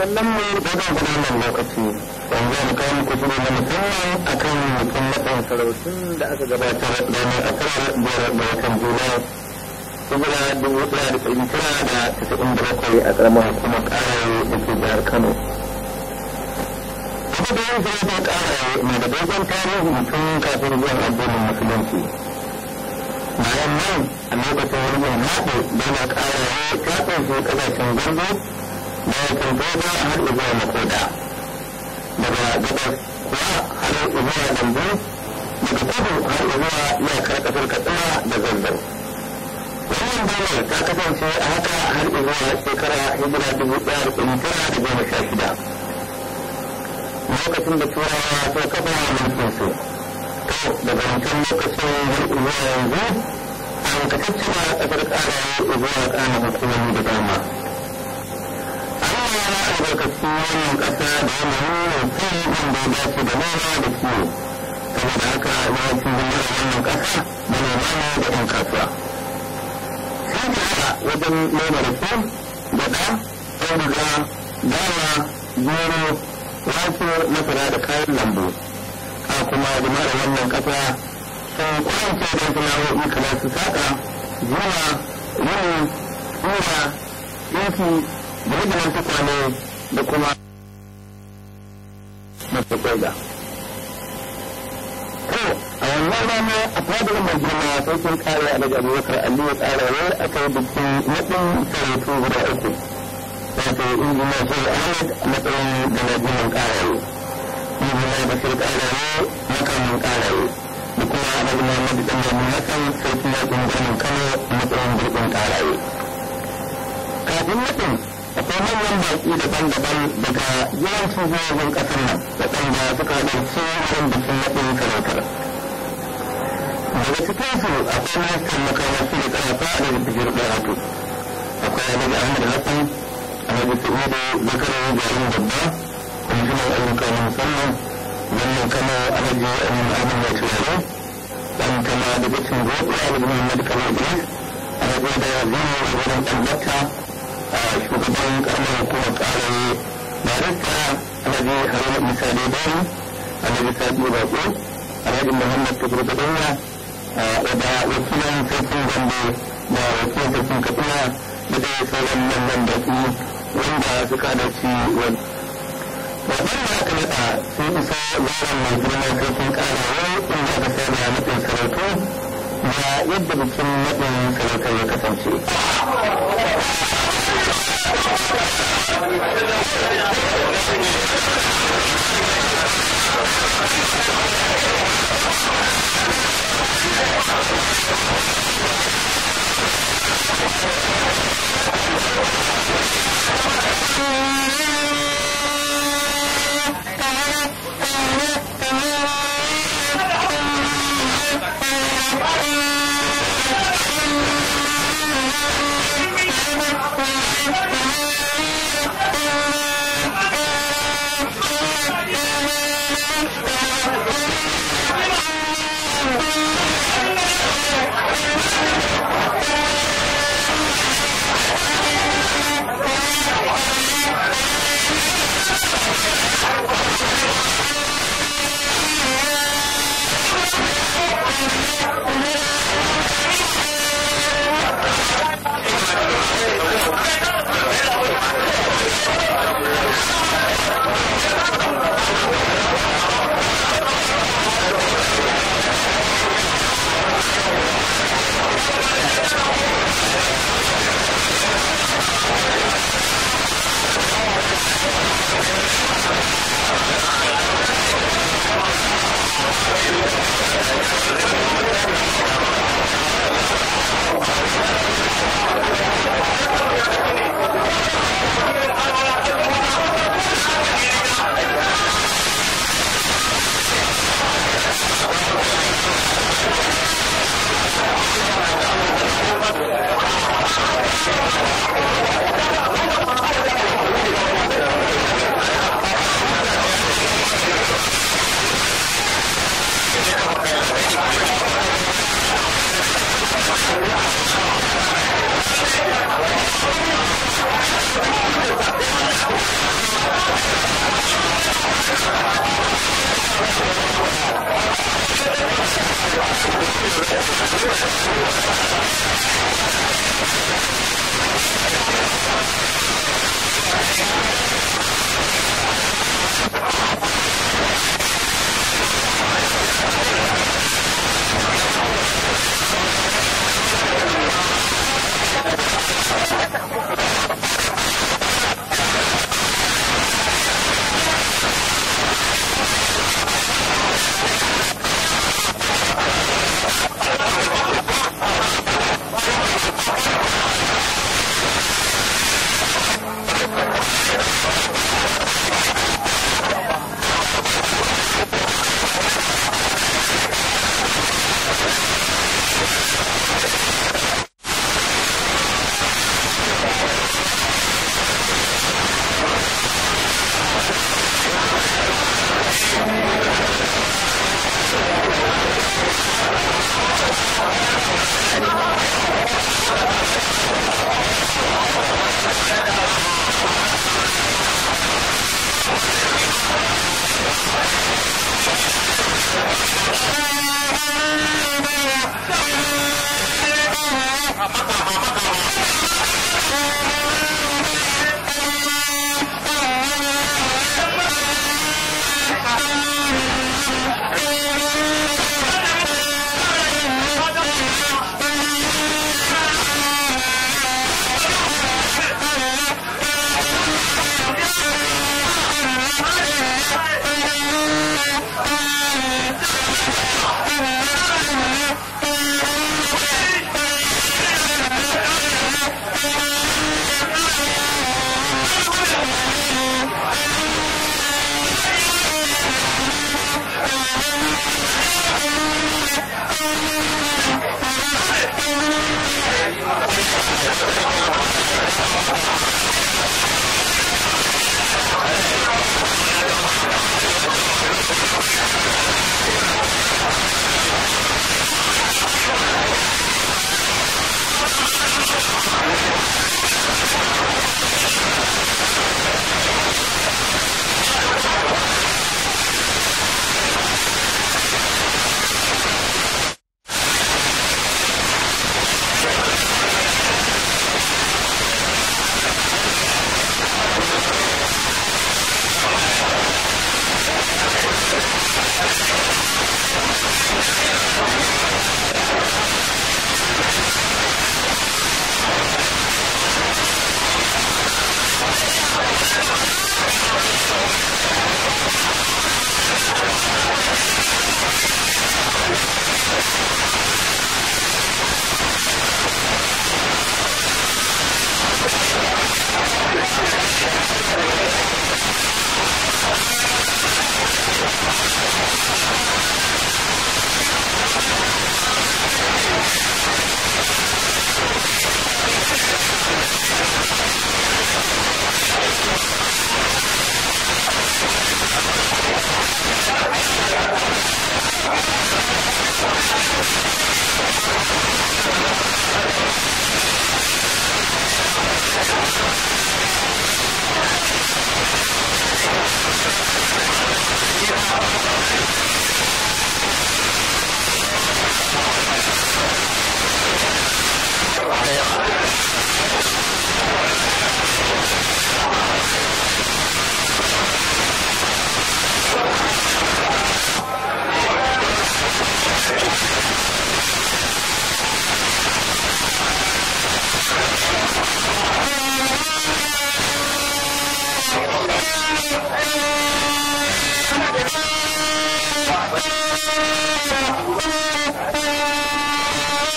kallon mu ga gudanar lokaci yanzu da kawo muku shirin na musamman a kan mutum matsayin sarautun da aka gabatar da mai a kara biyar da watan juna kubura dubu ɗaya da ɗari tara da tasa'in da bakwai a karamar kuma ƙaraye da ke jihar kano abu da yin sarautar ƙaraye na da dogon tarihi tun kafin zuwan addinin musulunci bayan nan a lokacin wani mai maɗe da na ƙaraye ta ƙunshi ƙasashen zango da yankin goma har zuwa makoda daga gabas kuwa har zuwa dambu daga kudu har zuwa iyakar kasar katsina da zazzau wannan damar ta kasance a haka har zuwa shekara hijira dubu ɗaya da ɗari tara da goma sha shida lokacin da turawa ta kafa mulkin su to daga wancan lokacin har zuwa yanzu an kasance a ƙasar ƙarawa zuwa ƙana hukumomi da dama albarkaci wannan ƙasa da yanayi mai tsayi wanda ya dace da noma da kiwo da aka yawancin da wannan ƙasa manoma ne da ɗan kasuwa sun fara wajen nema da kiwo gyaɗa auduga dawa gero wake masara da kayan lambu a kuma da wannan ƙasa sun kwanta da sana'o'i kamar su saƙa zuwa rini tsira ɗinki bugunan tukwane da kuma matsakoga ko a wannan rana a fadar mai girma sai sun kare a daga abubakar ali ya tsara wai a kai bikin naɗin karatu guda uku wato injina sai a matsayin galajinan karaye injina da sai karaye makamin karaye da kuma a daga mai da mai sai kuma ɗin ganin kano a matsayin birkin karaye kafin mutum. akwai manyan baƙi daban-daban daga yawancin jihohin ƙasar nan waɗanda suka haɗarci wurin bikin naɗin sarautar daga cikinsu akwai ministan makamashi da ƙarfa da bijir ɗayatu akwai alhaji ahmad hassan alhaji su'udu zakarin jarin babba kwamishinan ayyuka na musamman wannan kama alhaji amin amin mai turare ɗan kama da bikin gobe alhaji muhammad kamar idris alhaji da zama wurin ɗan shugaban ba hukumar karin darakta alhaji haruna isa daidai alhaji sadi bako alhaji muhammad gurbe gadanya da wakilan sarkin gambo da wakilan sarkin katsina da dai sauran manyan baki wanda suka da ci wani waɗanda aka naɗa sun isa zauren mai girma sarkin karawar inda aka sai da naɗin sarautu ga yadda bikin naɗin sarautar ya kasance. I'm going to go to the hospital. Thank you.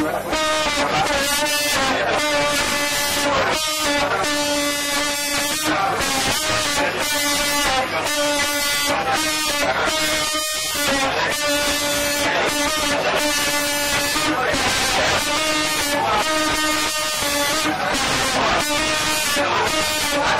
Come on.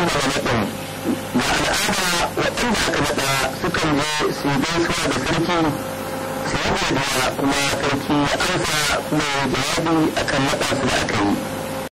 su ne naɗin da al'ada waɗanda aka naɗa sukan je su suwa da sarki su yi da kuma sarki ya amsa mai jawabi akan naɗa su da aka yi